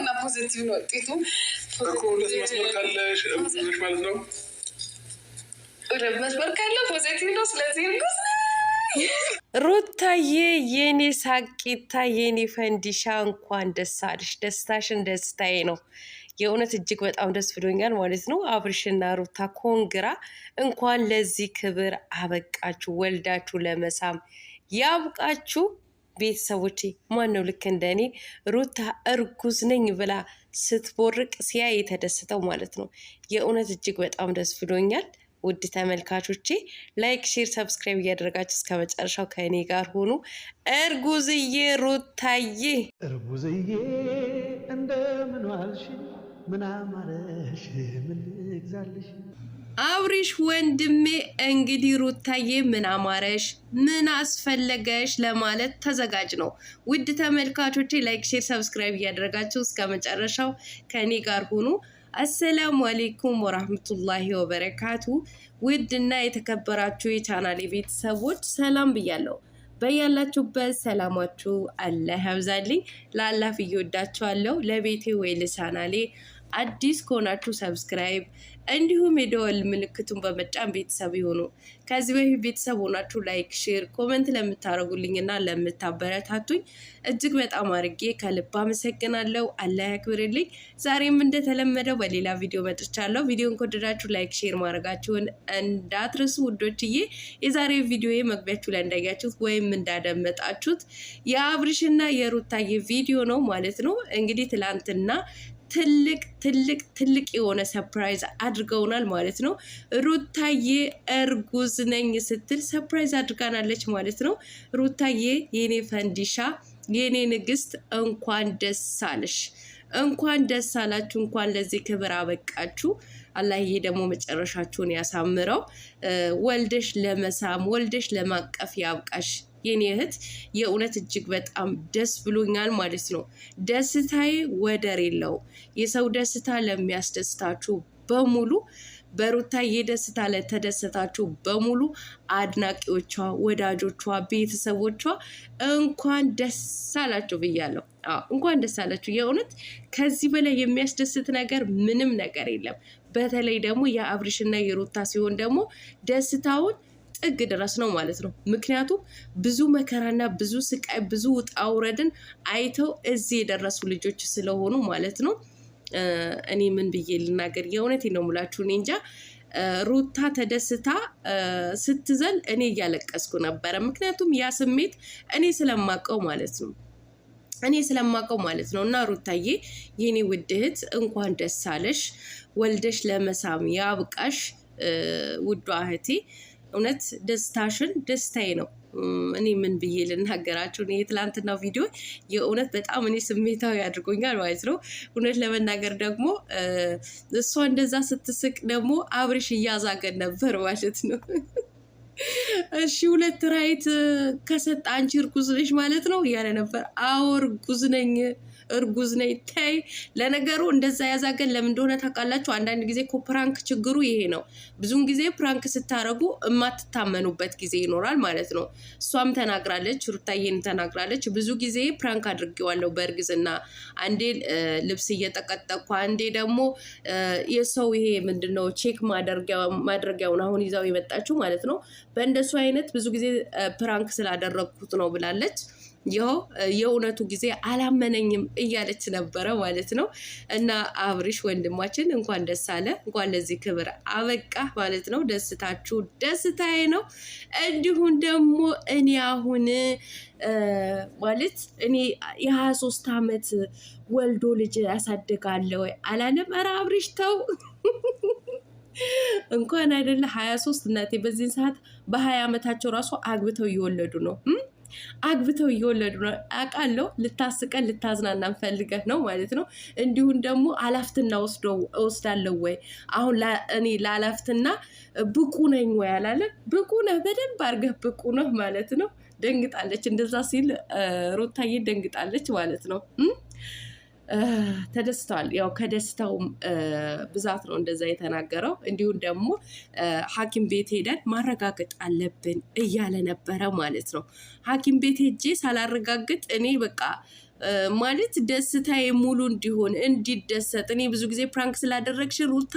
እና ፖዘቲቭ ነው ውጤቱ። ሁለት መስመር ካለሽ ማለት ነው። ሁለት መስመር ካለ ፖዘቲቭ ነው። ስለዚህ እርጉዝ ሩታዬ የኔ ሳቂታ የኔ ፈንዲሻ እንኳን ደስ አለሽ። ደስታሽን ደስታዬ ነው። የእውነት እጅግ በጣም ደስ ብሎኛል ማለት ነው። አብርሽና ሩታ ኮንግራ፣ እንኳን ለዚህ ክብር አበቃችሁ። ወልዳችሁ ለመሳም ያብቃችሁ። ቤተሰቦቼ ማን ነው ልክ እንደ እኔ ሩታ እርጉዝ ነኝ ብላ ስትቦርቅ ሲያይ የተደሰተው ማለት ነው። የእውነት እጅግ በጣም ደስ ብሎኛል። ውድ ተመልካቾቼ ላይክ፣ ሼር፣ ሰብስክራይብ እያደረጋችሁ እስከ መጨረሻው ከእኔ ጋር ሆኑ። እርጉዝዬ ሩታዬ፣ እርጉዝዬ እንደምን ዋልሽ? ምን አማረሽ? ምን ልግዛልሽ? አብሪሽ ወንድሜ እንግዲህ ሩታዬ ምን አማረሽ ምን አስፈለገሽ ለማለት ተዘጋጅ ነው። ውድ ተመልካቾቼ ላይክ፣ ሼር፣ ሰብስክራይብ እያደረጋችሁ እስከ መጨረሻው ከኔ ጋር ሁኑ። አሰላሙ አሌይኩም ወራህመቱላሂ ወበረካቱ። ውድና የተከበራችሁ የቻናሌ ቤተሰቦች ሰላም ብያለሁ። በያላችሁበት ሰላማችሁ አላህ ያብዛልኝ። ላላፍ እየወዳችኋለሁ። ለቤቴ ወይ ለቻናሌ አዲስ ከሆናችሁ ሰብስክራይብ እንዲሁም የደወል ምልክቱን በመጫን ቤተሰብ የሆኑ ከዚህ በፊት ቤተሰብ ሆናችሁ ላይክ፣ ሼር፣ ኮመንት ለምታደርጉልኝና ለምታበረታቱኝ እጅግ በጣም አድርጌ ከልብ አመሰግናለሁ። አላህ ያክብርልኝ። ዛሬም እንደተለመደው በሌላ ቪዲዮ መጥቻለሁ። ቪዲዮን ከወደዳችሁ ላይክ፣ ሼር ማድረጋችሁን እንዳትርሱ ውዶችዬ። የዛሬ ቪዲዮ መግቢያችሁ ላይ እንዳያችሁት ወይም እንዳደመጣችሁት የአብርሽና የሩታዬ ቪዲዮ ነው ማለት ነው። እንግዲህ ትላንትና ትልቅ ትልቅ ትልቅ የሆነ ሰፕራይዝ አድርገውናል ማለት ነው። ሩታዬ እርጉዝ ነኝ ስትል ሰፕራይዝ አድርጋናለች ማለት ነው። ሩታዬ የኔ ፈንዲሻ የኔ ንግስት እንኳን ደስ አለሽ፣ እንኳን ደስ አላችሁ፣ እንኳን ለዚህ ክብር አበቃችሁ። አላህ ይሄ ደግሞ መጨረሻችሁን ያሳምረው። ወልደሽ ለመሳም ወልደሽ ለማቀፍ ያብቃሽ የኔ እህት። የእውነት እጅግ በጣም ደስ ብሎኛል ማለት ነው። ደስታዬ ወደር የለውም። የሰው ደስታ ለሚያስደስታችሁ በሙሉ በሩታ የደስታ ለተደሰታችሁ በሙሉ አድናቂዎቿ፣ ወዳጆቿ፣ ቤተሰቦቿ እንኳን ደስ አላችሁ ብያለሁ። እንኳን ደስ አላችሁ። የእውነት ከዚህ በላይ የሚያስደስት ነገር ምንም ነገር የለም። በተለይ ደግሞ የአብርሽና የሩታ ሲሆን ደግሞ ደስታውን ጥግ ድረስ ነው ማለት ነው። ምክንያቱም ብዙ መከራና ብዙ ስቃይ ብዙ ውጣ ውረድን አይተው እዚህ የደረሱ ልጆች ስለሆኑ ማለት ነው። እኔ ምን ብዬ ልናገር? የእውነት ነው ሙላችሁ። እኔ እንጃ ሩታ ተደስታ ስትዘል እኔ እያለቀስኩ ነበረ። ምክንያቱም ያ ስሜት እኔ ስለማውቀው ማለት ነው። እኔ ስለማውቀው ማለት ነው። እና ሩታዬ የኔ ውድ እህት እንኳን ደስ አለሽ፣ ወልደሽ ለመሳም ያብቃሽ። ውዷ እህቴ እውነት ደስታሽን ደስታዬ ነው። እኔ ምን ብዬ ልናገራችሁ? እኔ የትላንትናው ቪዲዮ የእውነት በጣም እኔ ስሜታዊ አድርጎኛል ማለት ነው። እውነት ለመናገር ደግሞ እሷ እንደዛ ስትስቅ ደግሞ አብርሽ እያዛገን ነበር ማለት ነው። እሺ ሁለት ራይት ከሰጥ አንቺ እርጉዝ ነሽ ማለት ነው እያለ ነበር። አዎ እርጉዝ ነኝ። እርጉዝ ነኝ ተይ። ለነገሩ እንደዛ ያዛገን ለምን እንደሆነ ታውቃላችሁ? አንዳንድ ጊዜ እኮ ፕራንክ ችግሩ ይሄ ነው። ብዙን ጊዜ ፕራንክ ስታረጉ እማትታመኑበት ጊዜ ይኖራል ማለት ነው። እሷም ተናግራለች፣ ሩታዬን ተናግራለች። ብዙ ጊዜ ፕራንክ አድርጌዋለሁ በእርግዝና አንዴ ልብስ እየጠቀጠቅኩ አንዴ ደግሞ የሰው ይሄ ምንድን ነው ቼክ ማድረጊያውን አሁን ይዛው የመጣችው ማለት ነው። በእንደሱ አይነት ብዙ ጊዜ ፕራንክ ስላደረግኩት ነው ብላለች። ይኸው የእውነቱ ጊዜ አላመነኝም እያለች ነበረ ማለት ነው። እና አብሪሽ ወንድማችን እንኳን ደስ አለ፣ እንኳን ለዚህ ክብር አበቃ ማለት ነው። ደስታችሁ ደስታዬ ነው። እንዲሁም ደግሞ እኔ አሁን ማለት እኔ የሀያ ሶስት ዓመት ወልዶ ልጅ ያሳድጋለ አላለም። ኧረ አብሪሽ ተው እንኳን አይደለ ሀያ ሶስት እናቴ፣ በዚህን ሰዓት በሀያ ዓመታቸው ራሱ አግብተው እየወለዱ ነው አግብተው እየወለዱ ነው አውቃለሁ። ልታስቀን ልታዝናናን ፈልገህ ነው ማለት ነው። እንዲሁም ደግሞ አላፍትና ወስዳለሁ ወይ አሁን እኔ ለአላፍትና ብቁ ነኝ ወይ አላለም። ብቁ ነህ፣ በደንብ አድርገህ ብቁ ነህ ማለት ነው። ደንግጣለች። እንደዛ ሲል ሩታዬ ደንግጣለች ማለት ነው። ተደስተዋል። ያው ከደስታው ብዛት ነው እንደዛ የተናገረው። እንዲሁም ደግሞ ሐኪም ቤት ሄደን ማረጋገጥ አለብን እያለ ነበረ ማለት ነው። ሐኪም ቤት ሄጄ ሳላረጋግጥ እኔ በቃ ማለት ደስታዬ ሙሉ እንዲሆን እንዲደሰት እኔ ብዙ ጊዜ ፕራንክ ስላደረግሽ ሩታ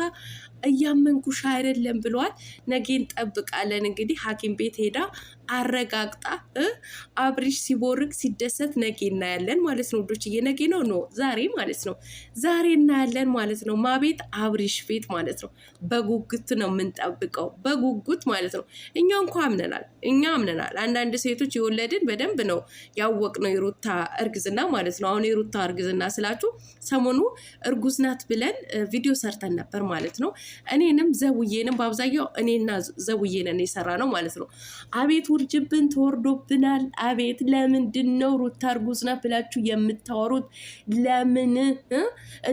እያመንኩሽ አይደለም ብለዋል። ነገ እንጠብቃለን። እንግዲህ ሐኪም ቤት ሄዳ አረጋግጣ አብሪሽ ሲቦርቅ ሲደሰት ነገ እናያለን ማለት ነው። ዶችዬ ነገ ነው ኖ ዛሬ ማለት ነው። ዛሬ እናያለን ማለት ነው። ማቤት አብሪሽ ቤት ማለት ነው። በጉጉት ነው የምንጠብቀው፣ በጉጉት ማለት ነው። እኛ እንኳ አምነናል፣ እኛ አምነናል። አንዳንድ ሴቶች የወለድን በደንብ ነው ያወቅነው የሩታ እርግዝና ማለት ነው። አሁን የሩታ እርግዝና ስላችሁ ሰሞኑ እርጉዝ ናት ብለን ቪዲዮ ሰርተን ነበር ማለት ነው። እኔንም ዘውዬንም በአብዛኛው እኔና ዘውዬ ነን የሰራ ነው ማለት ነው። አቤት ውርጅብን ተወርዶብናል። አቤት ለምንድን ነው ሩታ እርጉዝ ናት ብላችሁ የምታወሩት? ለምን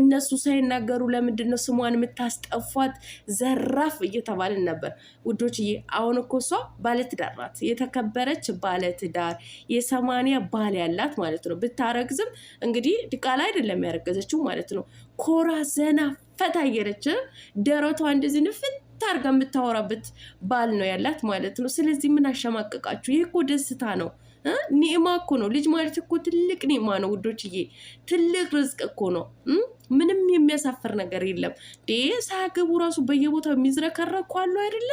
እነሱ ሳይናገሩ ለምንድን ነው ስሟን የምታስጠፏት? ዘራፍ እየተባልን ነበር ውዶችዬ። አሁን እኮ እሷ ባለትዳር ናት፣ የተከበረች ባለትዳር የሰማንያ ባል ያላት ማለት ነው። ብታረግዝም እንግዲህ ድቃላ አይደለም ያረገዘችው ማለት ነው። ኮራ ዘና ፈታ እየለች ደረቷ እንደዚህ ንፍት አድርጋ የምታወራበት ባል ነው ያላት ማለት ነው። ስለዚህ ምን አሸማቀቃችሁ? ይህ እኮ ደስታ ነው። ኒዕማ እኮ ነው። ልጅ ማለት እኮ ትልቅ ኒዕማ ነው ውዶችዬ፣ ትልቅ ርዝቅ እኮ ነው። ምንም የሚያሳፍር ነገር የለም። ሳያገቡ ራሱ በየቦታው የሚዝረከረኩ አሉ አይደለ?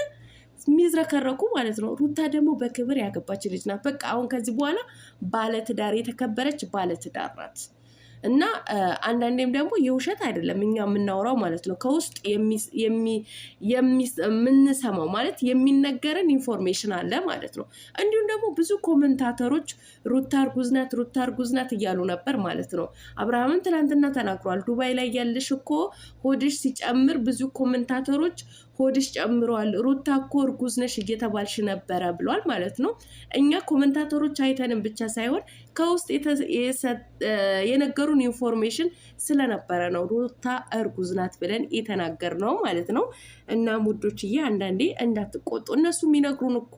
የሚዝረከረኩ ማለት ነው። ሩታ ደግሞ በክብር ያገባች ልጅ ናት። በቃ አሁን ከዚህ በኋላ ባለትዳር የተከበረች ባለትዳር ናት። እና አንዳንዴም ደግሞ የውሸት አይደለም እኛ የምናወራው ማለት ነው። ከውስጥ የምንሰማው ማለት የሚነገረን ኢንፎርሜሽን አለ ማለት ነው። እንዲሁም ደግሞ ብዙ ኮመንታተሮች ሩታ ጉዝናት ሩታር ሩታ እያሉ ነበር ማለት ነው። አብርሃምን ትናንትና ተናግሯል። ዱባይ ላይ ያለሽ እኮ ሆድሽ ሲጨምር ብዙ ኮመንታተሮች ሆድሽ ጨምሯል፣ ሩታ እኮ እርጉዝ ነሽ እየተባልሽ ነበረ ብሏል ማለት ነው። እኛ ኮመንታተሮች አይተንም ብቻ ሳይሆን ከውስጥ የነገሩን ኢንፎርሜሽን ስለነበረ ነው ሩታ እርጉዝ ናት ብለን ነው ማለት ነው። እና ሙዶችዬ አንዳንዴ እንዳትቆጡ፣ እነሱ የሚነግሩን እኮ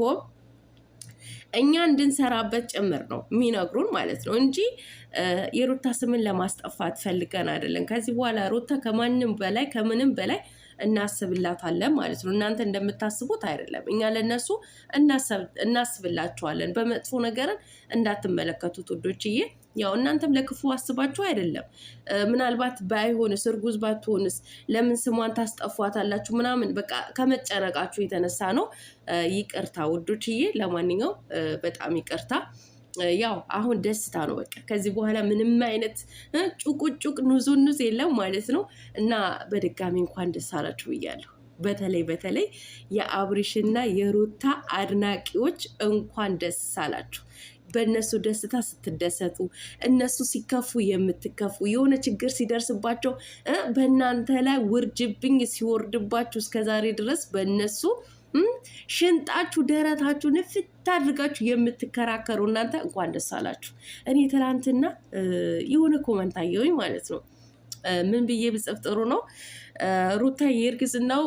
እኛ እንድንሰራበት ጭምር ነው የሚነግሩን ማለት ነው እንጂ የሩታ ስምን ለማስጠፋት ፈልገን አይደለም። ከዚህ በኋላ ሩታ ከማንም በላይ ከምንም በላይ እናስብላታለን ማለት ነው። እናንተ እንደምታስቡት አይደለም። እኛ ለእነሱ እናስብላቸዋለን። በመጥፎ ነገርን እንዳትመለከቱት ውዶችዬ። ያው እናንተም ለክፉ አስባችሁ አይደለም። ምናልባት ባይሆንስ እርጉዝ ባትሆንስ ለምን ስሟን ታስጠፏታላችሁ? ምናምን በቃ ከመጨነቃችሁ የተነሳ ነው። ይቅርታ ውዶችዬ። ለማንኛው በጣም ይቅርታ። ያው አሁን ደስታ ነው። በቃ ከዚህ በኋላ ምንም አይነት ጩቁጩቅ ኑዝ የለም ማለት ነው እና በድጋሚ እንኳን ደስ አላችሁ ብያለሁ። በተለይ በተለይ የአብሪሽና የሩታ አድናቂዎች እንኳን ደስ አላችሁ። በእነሱ ደስታ ስትደሰቱ፣ እነሱ ሲከፉ የምትከፉ የሆነ ችግር ሲደርስባቸው በእናንተ ላይ ውርጅብኝ ሲወርድባችሁ እስከዛሬ ድረስ በእነሱ ሽንጣችሁ ደረታችሁ ንፍት አድርጋችሁ የምትከራከሩ እናንተ እንኳን ደስ አላችሁ። እኔ ትላንትና የሆነ ኮመንት አየሁኝ ማለት ነው። ምን ብዬ ብጽፍ ጥሩ ነው? ሩታ የእርግዝናው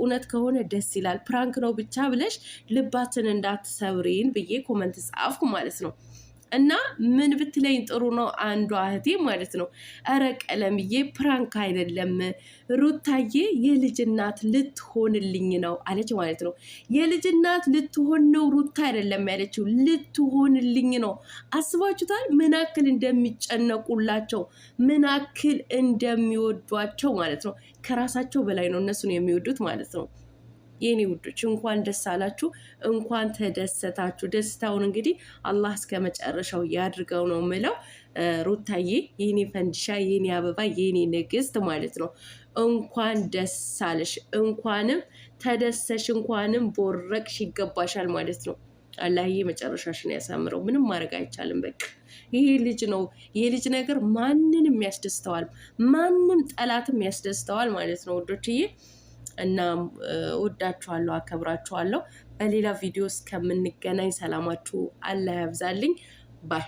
እውነት ከሆነ ደስ ይላል፣ ፕራንክ ነው ብቻ ብለሽ ልባትን እንዳትሰብሪን ብዬ ኮመንት ጻፍኩ ማለት ነው። እና ምን ብትለኝ ጥሩ ነው አንዷ እህቴ ማለት ነው፣ እረ ቀለምዬ ፕራንክ አይደለም ሩታዬ የልጅ እናት ልትሆንልኝ ነው አለች ማለት ነው። የልጅ እናት ልትሆን ነው ሩታ አይደለም ያለችው ልትሆንልኝ ነው። አስባችሁታል? ምን አክል እንደሚጨነቁላቸው ምን አክል እንደሚወዷቸው ማለት ነው። ከራሳቸው በላይ ነው እነሱን የሚወዱት ማለት ነው። የኔ ውዶች እንኳን ደስ አላችሁ፣ እንኳን ተደሰታችሁ። ደስታውን እንግዲህ አላህ እስከ መጨረሻው ያድርገው ነው ምለው። ሩታዬ የኔ ፈንዲሻ፣ የኔ አበባ፣ የኔ ንግስት ማለት ነው እንኳን ደስ አለሽ፣ እንኳንም ተደሰሽ፣ እንኳንም ቦረቅሽ። ይገባሻል ማለት ነው። አላህዬ መጨረሻሽን ያሳምረው። ምንም ማድረግ አይቻልም። በቃ ይህ ልጅ ነው። ይህ ልጅ ነገር ማንንም ያስደስተዋል፣ ማንም ጠላትም ያስደስተዋል ማለት ነው ውዶችዬ እና ወዳችኋለሁ፣ አከብራችኋለሁ። በሌላ ቪዲዮ እስከምንገናኝ ሰላማችሁ አላህ ያብዛልኝ ባይ